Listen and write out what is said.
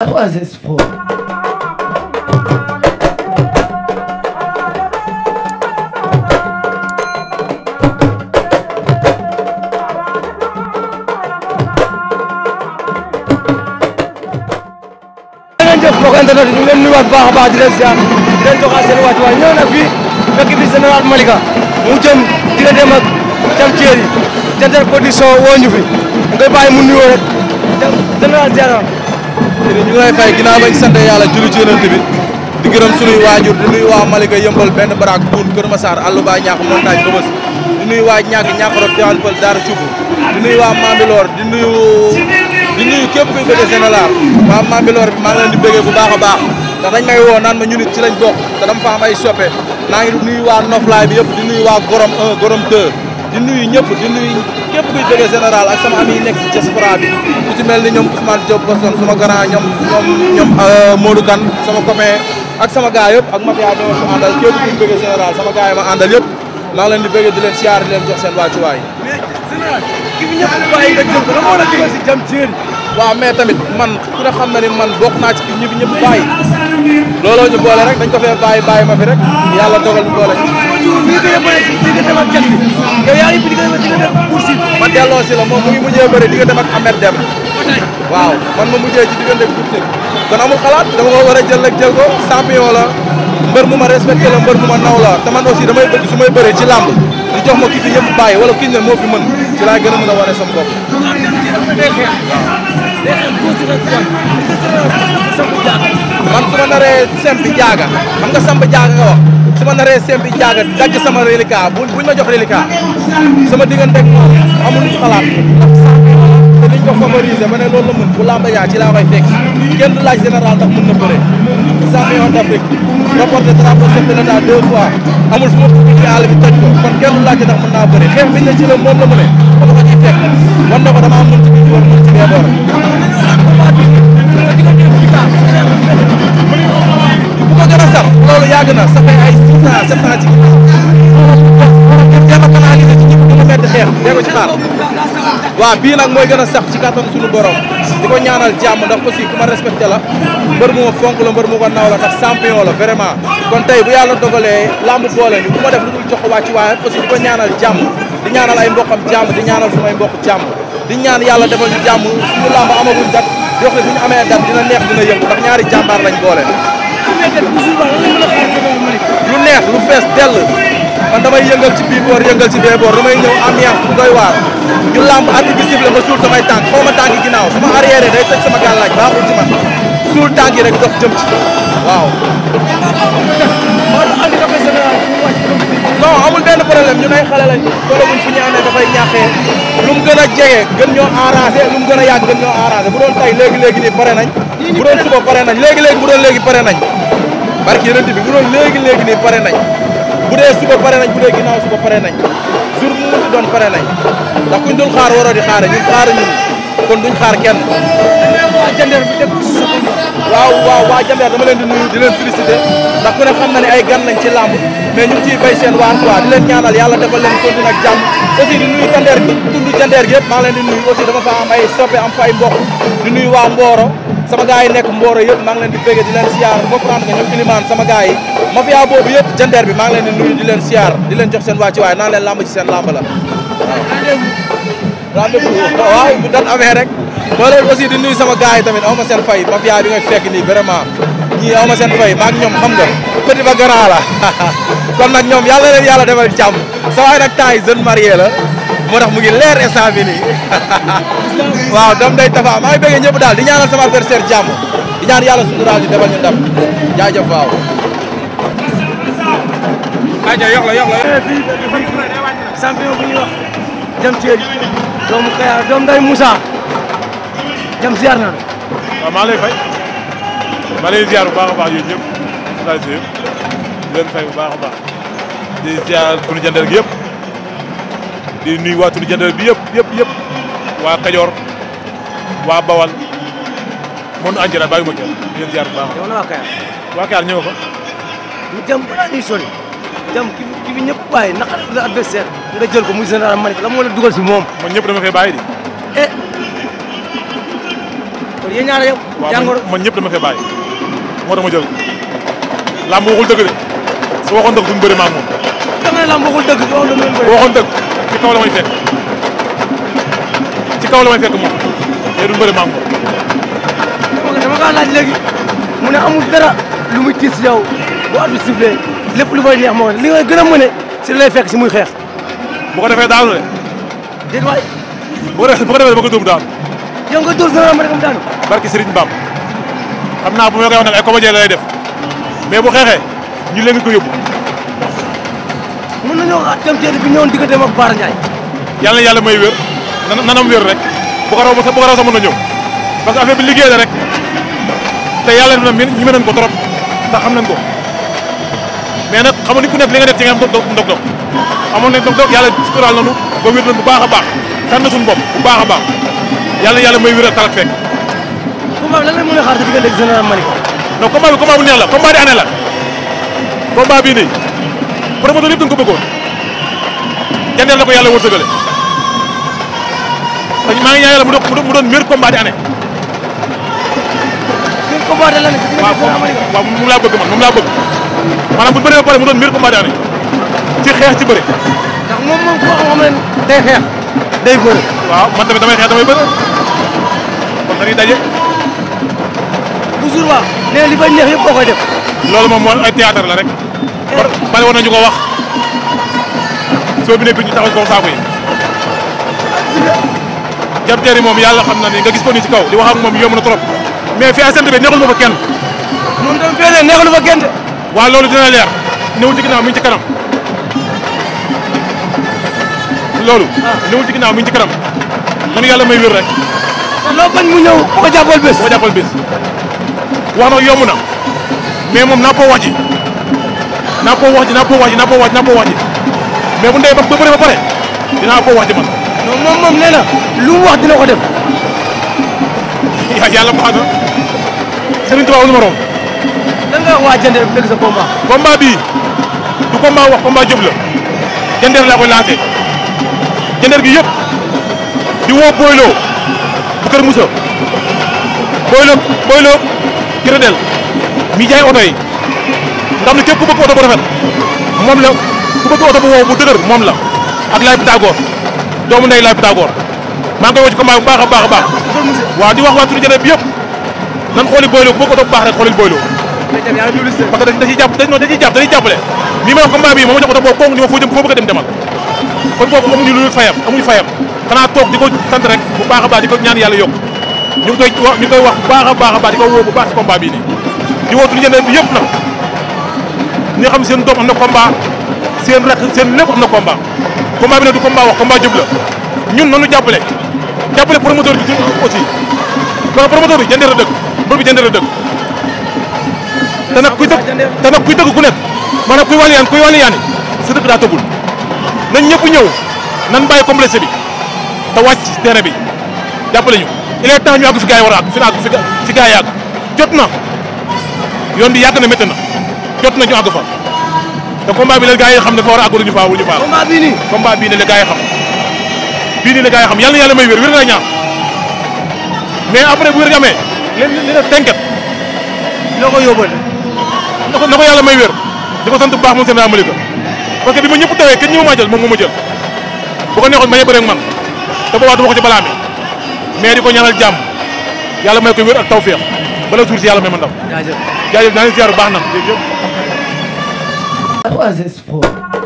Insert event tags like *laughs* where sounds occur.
That was his fault. jërëjëf mbokk internet ñu leen nuyuwaat bu baax a baax di leen ziar di leen joxaat seen waaj waay ñëw nag fii fekk bi général Malika mu jëm digganteem ak Thiam Thierry Jantal production woo ñu fi nga bàyyi mu nuyoo rek général ziar ñu ngi lay fay ginnaaw bañ sant yàlla julli ci yonent bi di gërëm suñuy waajur di nuyu waa Malika yëmbal benn baraak Poul Kër Massar Allouba ñaax montagne Rebeuss di nuyu waa ñàkk ñàkkorot Tivaouane Peulh Daara Thioub di nuyu waa Mambilor di nuyu di nuyu képp kuy bëgg Général waa Mambilor bi maa ngi leen di bëggee bu baax a baax ndax dañ may woo naan ma ñu nit ci lañ bokk te dama fa am ay soppe maa waa Noflaay bi yëpp di nuy waa Gorom 1 Gorom 2 di nuyu ñëpp di nuyu képp kuy déggee général ak sama am yi nekk ci diaspora bi ku ci mel ni ñoom Ousmane Diop Boston sama grand ñoom ñoom ñoom euh, Modou Kane sama copain ak sama gars yëpp ak Mafia bi ma àndal képp kuy déggee général yi ma àndal yëpp maa ngi leen di bëggee di leen siyaar di leen jox seen wàccuwaay. mais général ki fi ñëpp bàyyi nga jëm ko la moo la jógee si jëm jéeri. waaw mais tamit man ku ne ni man bokk naa ci ñi looloo ñu boole rek dañ ko fee bàyyi bàyyi ma fi rek yàlla dogal ñu boole ñu ngi gën a bi yow yaa ngi fi diggante diggante ak Bour Sine man delloo si la moom mu ngi mujjee bëri diggante ak Ahmed Deme waaw man ma mujjee ci diggante ak Bour Sine kon amul xalaat dama ko war a jël rek jël ko champion la mbër mu ma respecté la mbër mu ma naw la te man aussi damay bëgg su may bëree ci làmb di jox ma kii fi ñëpp bàyyi wala kii ne moo fi mën ci laa gën a mën a wane sama bopp naree sempi jaaga xam nga samp jaaga nga wax su ma naree sempi jaaga dagg sama reliquat bu buñ ma jox reliquat sama diggante ak moom amul lu xalaat te liñ ko favoriser ma ne loolu la mën bu lamba yaa ci laa koy fekk kenn du laaj général tax mën na bëre champion d'Afrique remporté drapeau chef de l'État deux fois amul fu ma ko ci àll bi toj ko kon kenn du laaj tax mën naa bëre xeex biñ ne ci la moom la mu ne ba ma ko ciy fekk wan na ko damaa mën ci biir woon mën ci bee boor gën a loolu yàgg na ça fait ay six ans sept ans ci gën a canaliser ci ñëpp gën a métti xeer dee ko ci xaar waaw bii nag mooy gën a sax ci kàttan suñu borom di ko ñaanal jàmm ndax aussi ku ma respecté la mbër mu ma fonk la mbër mu ko naaw la ndax champion la vraiment kon tey bu yàlla dogalee lamb boole ñu bu ma def lu dul jox wàcc waaye aussi di ko ñaanal jàmm di ñaanal ay mboqam jàmm di ñaanal ñaan yàlla defal ñu jàmm suñu lamb amaguñ dat di wax amee dat lu neex lu fees dell man damay yëngal ci bii boor yëngal ci bee boor damay ñëw ambiance bu doy waar ñu làmb at bi sifle ma suul samay tànk xaw ma tànk ginnaaw sama arrière day tëj sama gàllaaj baaxul ci man suul tànk yi rek dox jëm ci waaw. non amul benn problème ñu nay xale lañ tolluwuñ fi ñu amee dafay ñàkkee lu mu gën a jege gën ñoo arrangé lu mu gën a gën ñoo arrangé bu doon tay léegi léegi nii pare nañ. bu doon suba pare nañ léegi léegi bu doon léegi pare nañ. barke yeneen bi bu doon léegi léegi nii pare nañ bu dee suba pare nañ bu dee ginnaaw suba pare nañ jour bu mu doon pare nañ ndax kuñ dul xaar waroo di xaare ñun xaar ñun kon duñ xaar kenn. waa jandeer bi dëkk si suuf waaw waaw waa jandeer dama leen di nuyu di leen félicité ndax ku xam na ne ay gan lañ ci làmb mais ñu ngi ciy bay seen waar quoi di leen ñaanal yàlla defal leen continué ak jàmm aussi di nuyu jandeer bi tund jandeer gi maa leen di nuyu aussi dama fa am ay soppe am fa waa Mboro. sama gars yi nekk Mboro yëpp maa leen di bëgg di leen siyaar comprendre nga ñoom Ilimane sama gars yi mafia boobu yëpp jandeer bi maa ngi leen di nuyu di leen siyaar di leen jox seen wàcci waaye naan leen làmb ci seen làmb la waaw rendez-vous waaw bu dat amee rek moo leen aussi di nuyu sama gars yi tamit ma seen fay mafia bi nga fekk nii vraiment ñii aw seen fay maa ñoom xam nga petit ba grand *laughs* kon nag ñoom yàlla leen yàlla defal jàmm sa waay nag temps yi jeune la moo tax mu ngi leer instant bi nii *laughs* waaw dam day tafa maa ngi bëggee ñëpp daal di ñaanal sama berser jàmm di ñaan yàlla suñu daal di defal ñu ndam jaajëf waaw. Adja yokk la yokk la. Eh, champion bu ñuy wax jam Thiel doom day Moussa jam ziar naa. waaw maa lay fay maa lay ziar bu baax a baax yooyu di leen fay bu baax a baax di ziar pour jëndal gi di nuyu waa turu jëndal bi yëpp yëpp yëpp waa Kajoor waa Bawal mënu ànjëra bàyyi ma kenn di leen ziar bu baax. yow na waa Kayaar. waa Kayaar ñëw ko. ñu jëm balaa ñuy sori jëm ki fi ki fi ñëpp bàyyi naka la adversaire jël ko muy général Malick la moo la dugal si moom. man ñëpp dama koy bàyyi di. eh kon yéen ñaar yow. jàngoro man ñëpp dama koy bàyyi moo tax jël ko. waxul dëgg de su waxoon dëgg duñ moom. da nga ne làmb waxul dëgg waxoon dëgg. ci kaw la may fekk ci kaw la may fekk moom mais du mbëri maam ko. dama kaa laaj léegi mu ne amul dara lu muy tiis yow bu at bi lépp lu fay neex moo li nga gën a mëne si lay fekk si muy xeex. bu ko defee daanu de. déet waay. bu ko defee bu ko defee daanu. yow nga dóor sama mbéy mi naa bu ma koy wax nag ay comédien lay def mais bu xeexee ñu leen yóbbu. ñoo xaat kam teeri bi ñëwoon digganteem ak Baara Ndiaye yàlla yàlla mooy wér nanam wér rek bu ko raw bu ko raw sax mën na ñëw parce que affaire bi liggéey la rek te yàlla def na ñi mën nañ ko trop ndax xam nañ ko mais nag xam ni ku nekk li nga def ci nga am ndog ndog amoon nañ ndog yàlla suturaal nañu ba wér nañ bu baax a baax tan na suñu bopp bu baax a baax yàlla yàlla may wér ak tarat fekk combat bi lan la a xaar ci diggante ak général Malika non combat bi combat bu neex la combat di année la combat bii nii promoteur yëpp dañ ko yal na ko yàlla wërsëgale parce que maa ngi ñaan yàlla mu doon mu doon meilleur combat di année. meilleur combat de l'année. waaw moom laa bëgg man moom laa bëgg maanaam bu mu doon meilleur combat di année ci xeex ci bëre. ndax moom moom koo xam ne day xeex day bëre. waaw man tamit damay xeex damay bëre kon dañuy daje. toujours waaw. nee li ba neex yëpp boo koy def. loolu moom mooy ay théâtre la rek. Eh. bare woon nañu ko wax. soo bi nekk ñu taxaw kaw saako yi jamteer moom yàlla xam na ne nga gis ko ci kaw di wax ak moom yomb na trop mais fi asante bi neexul ma fa kenn moom tam fee neexul fa kenn de waaw loolu dina leer néew ci ginnaaw mi ngi ci kanam loolu néew ci ginnaaw mi ngi ci kanam nanu yàlla may wér rek loo bañ mu ñëw boo jàppal bés wax na yomb na mais moom naa koo wax ji naa koo wax ji naa koo wax ji mais bu ndee ba ba bëri ba pare dinaa ko wax ci man. non moom moom nee lu mu wax ko def. yàlla baax na Serigne Touba numéro am. lan nga wax Diender bu dégg sa combat. bii du combat wax combat jub la koy lancé Diender gi yëpp di woo Boylo bu Kër Moussa Boylo Boylo Crédel mi jaay oto yi nga xam ne ku bëgg oto bu rafet la. ku bëgg oto bu wow bu dëgër moom la ak Laye Pythagore doomu ndey Laye Pythagore maa ngi koy woo baax a baax a baax waaw di wax waa turu jëlee yëpp nan xooli Boy Lo bu bëgg oto bu baax rek xoolil Boy Lo parce que da ciy wax combat bii moom ma jox ni di ko sant rek bu baax a baax di ko ñaan yàlla yokk ñu ngi koy wax ñu koy wax baax baax a baax di ko woo bu baax ci combat bi yëpp nag ñi xam seen doom am na combat seen rakk seen lépp am na combat combat bi nag du combat wax combat jub la ñun nañu jàppale jàppale promoteur bi aussi parce que promoteur bi jëndee la dëkk mbër bi jëndee la dëkk te nag kuy dëkk te nag kuy dëkk ku nekk maanaam kuy wàllu yaan kuy wàllu yaani sa dëkk daa tëbul nañ ñëpp ñëw nan bàyyi complexe bi te wàcc ci bi jàppale ñu il est ñu àgg fi gars yi war a àgg fi na àgg fi yi àgg jot na yoon bi yàgg na métti na jot na ñu àgg fa te combat bi la gars xam dafa war a àgg ñu faa wu ñu faa. bii nii combat xam bii nii la xam yàlla na yàlla may wér wér a ñaan mais après bu wér a amee leen li def tënket. ko yóbbal na ko na may wér di ko sant bu baax moom seen amalika parce bi ma ñëpp tawee ke ñëw ma jël moom moo ma jël bu ko neexoon ma yëpp rek man te boobaa du ma ko ci balaa mi mais di ko ñaanal jàmm yàlla may ko wér ak tawféex bala suur si yàlla may ma ndam. jaajëf jaajëf naa leen baax na That was his fault.